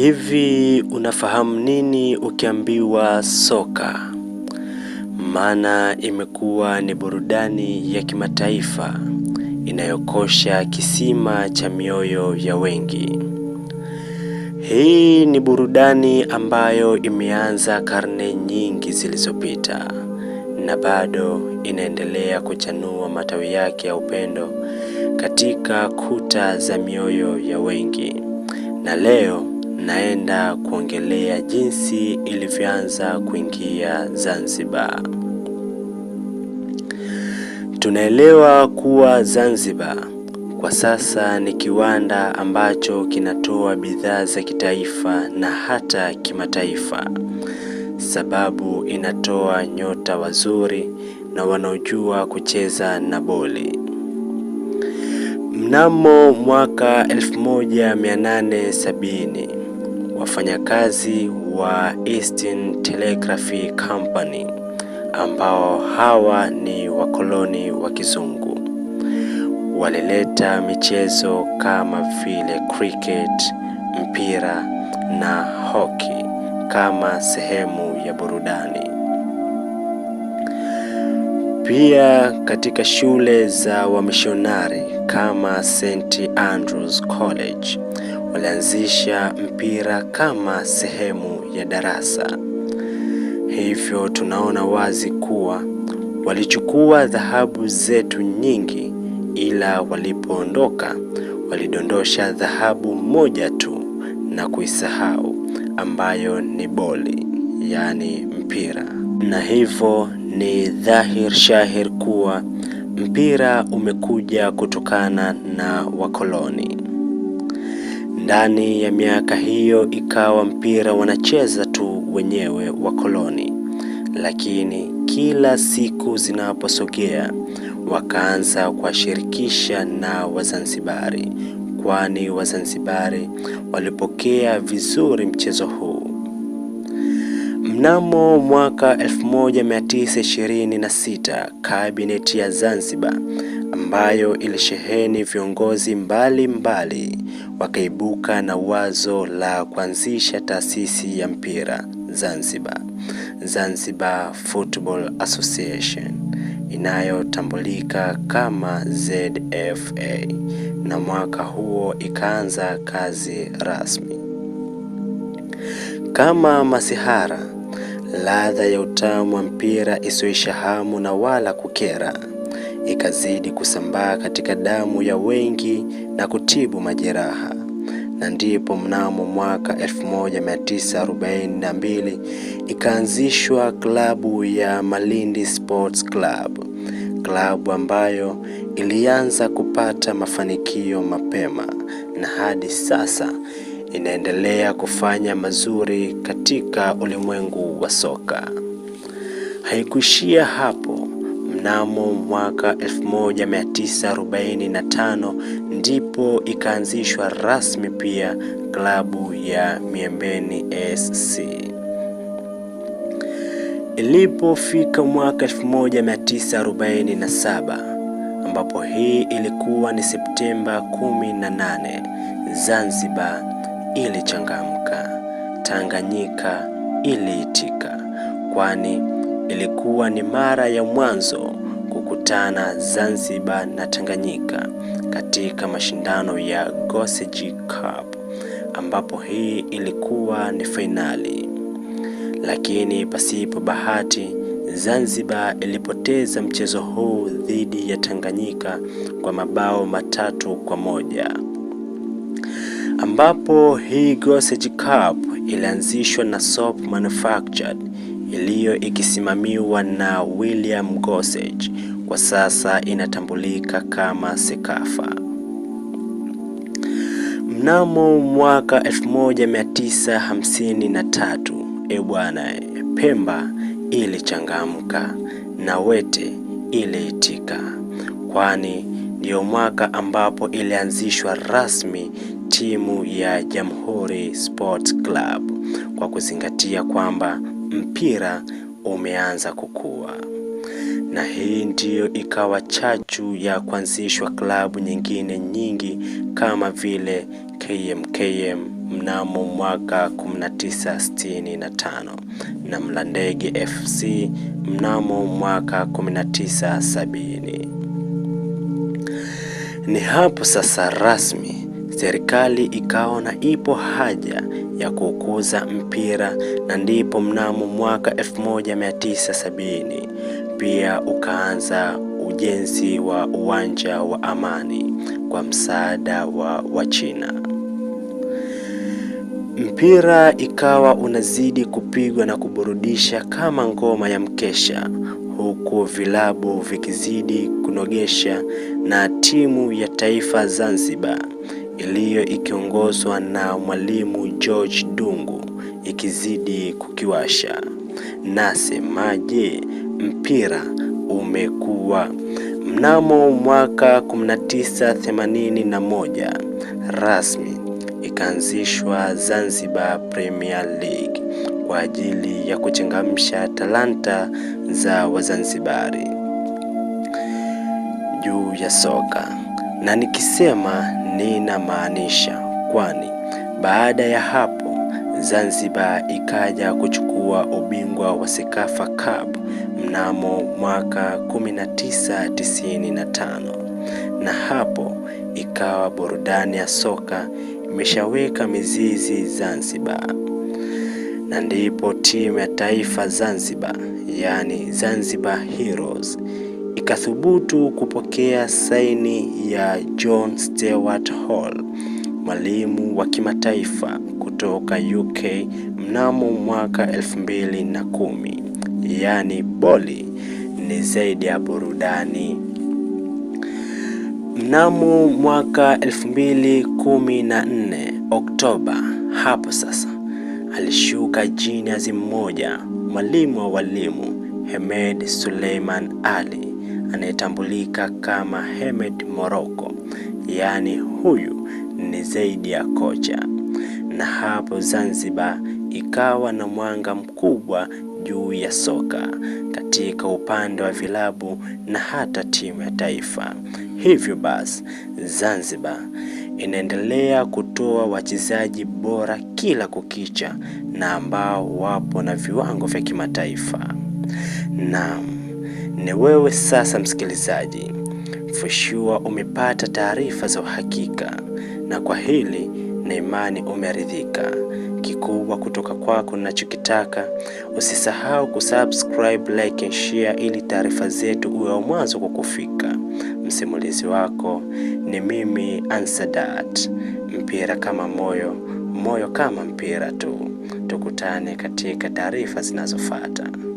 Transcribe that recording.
Hivi unafahamu nini ukiambiwa soka? Maana imekuwa ni burudani ya kimataifa inayokosha kisima cha mioyo ya wengi. Hii ni burudani ambayo imeanza karne nyingi zilizopita na bado inaendelea kuchanua matawi yake ya upendo katika kuta za mioyo ya wengi. Na leo naenda kuongelea jinsi ilivyoanza kuingia Zanzibar. Tunaelewa kuwa Zanzibar kwa sasa ni kiwanda ambacho kinatoa bidhaa za kitaifa na hata kimataifa, sababu inatoa nyota wazuri na wanaojua kucheza na boli. Mnamo mwaka 1870 wafanyakazi wa Eastern Telegraphy Company ambao hawa ni wakoloni wa kizungu. Walileta michezo kama vile cricket, mpira na hoki kama sehemu ya burudani. Pia katika shule za wamishonari kama St Andrews College walianzisha mpira kama sehemu ya darasa. Hivyo tunaona wazi kuwa walichukua dhahabu zetu nyingi, ila walipoondoka walidondosha dhahabu moja tu na kuisahau, ambayo ni boli, yaani mpira. Na hivyo ni dhahir shahir kuwa mpira umekuja kutokana na wakoloni. Ndani ya miaka hiyo ikawa mpira wanacheza tu wenyewe wa koloni lakini kila siku zinaposogea wakaanza kuwashirikisha na Wazanzibari, kwani Wazanzibari walipokea vizuri mchezo huu. Mnamo mwaka 1926 kabineti ya Zanzibar ambayo ilisheheni viongozi mbalimbali wakaibuka na wazo la kuanzisha taasisi ya mpira Zanzibar, Zanzibar Football Association inayotambulika kama ZFA, na mwaka huo ikaanza kazi rasmi. Kama masihara, ladha ya utamu wa mpira isiyoisha hamu na wala kukera ikazidi kusambaa katika damu ya wengi na kutibu majeraha, na ndipo mnamo mwaka 1942 ikaanzishwa klabu ya Malindi Sports Club, klabu ambayo ilianza kupata mafanikio mapema na hadi sasa inaendelea kufanya mazuri katika ulimwengu wa soka. Haikuishia hapo Mnamo mwaka 1945 ndipo ikaanzishwa rasmi pia klabu ya Miembeni SC. Ilipofika mwaka 1947 ambapo hii ilikuwa ni Septemba 18, Zanzibar ilichangamka, Tanganyika iliitika kwani Ilikuwa ni mara ya mwanzo kukutana Zanzibar na Tanganyika katika mashindano ya Goseji Cup ambapo hii ilikuwa ni fainali, lakini pasipo bahati Zanzibar ilipoteza mchezo huu dhidi ya Tanganyika kwa mabao matatu kwa moja ambapo hii Goseji Cup ilianzishwa na Soap Manufactured iliyo ikisimamiwa na William Gossage kwa sasa inatambulika kama Sekafa. Mnamo mwaka 1953 e bwana, Pemba ilichangamka na Wete iliitika, kwani ndiyo mwaka ambapo ilianzishwa rasmi timu ya Jamhuri Sports Club kwa kuzingatia kwamba mpira umeanza kukua, na hii ndiyo ikawa chachu ya kuanzishwa klabu nyingine nyingi kama vile KMKM mnamo mwaka 1965 na Mlandege FC mnamo mwaka 1970. Ni hapo sasa rasmi serikali ikaona ipo haja ya kukuza mpira na ndipo mnamo mwaka 1970 pia ukaanza ujenzi wa uwanja wa Amani kwa msaada wa Wachina. Mpira ikawa unazidi kupigwa na kuburudisha kama ngoma ya mkesha, huku vilabu vikizidi kunogesha na timu ya taifa Zanzibar iliyo ikiongozwa na Mwalimu George Dungu ikizidi kukiwasha. Nasemaje, mpira umekuwa. Mnamo mwaka 1981 rasmi ikaanzishwa Zanzibar Premier League kwa ajili ya kuchangamsha talanta za Wazanzibari juu ya soka, na nikisema ninamaanisha, kwani baada ya hapo Zanzibar ikaja kuchukua ubingwa wa Sekafa Cup mnamo mwaka 1995 na hapo ikawa burudani ya soka imeshaweka mizizi Zanzibar, na ndipo timu ya taifa Zanzibar, yaani Zanzibar Heroes ikathubutu kupokea saini ya John Stewart Hall, mwalimu wa kimataifa kutoka UK mnamo mwaka 2010. Yaani boli ni zaidi ya burudani. Mnamo mwaka 2014 Oktoba, hapo sasa alishuka jiniazi mmoja, mwalimu wa walimu Hemed Suleiman Ali anayetambulika kama Hemed Morocco, yaani huyu ni zaidi ya kocha. Na hapo Zanzibar ikawa na mwanga mkubwa juu ya soka katika upande wa vilabu na hata timu ya taifa. Hivyo basi, Zanzibar inaendelea kutoa wachezaji bora kila kukicha na ambao wapo na viwango vya kimataifa. Naam ni wewe sasa msikilizaji, for sure umepata taarifa za uhakika, na kwa hili na imani umeridhika. Kikubwa kutoka kwako ninachokitaka, usisahau kusubscribe, like and share, ili taarifa zetu uwe wa mwanzo kwa kufika. Msimulizi wako ni mimi Ansadat, mpira kama moyo, moyo kama mpira tu. Tukutane katika taarifa zinazofuata.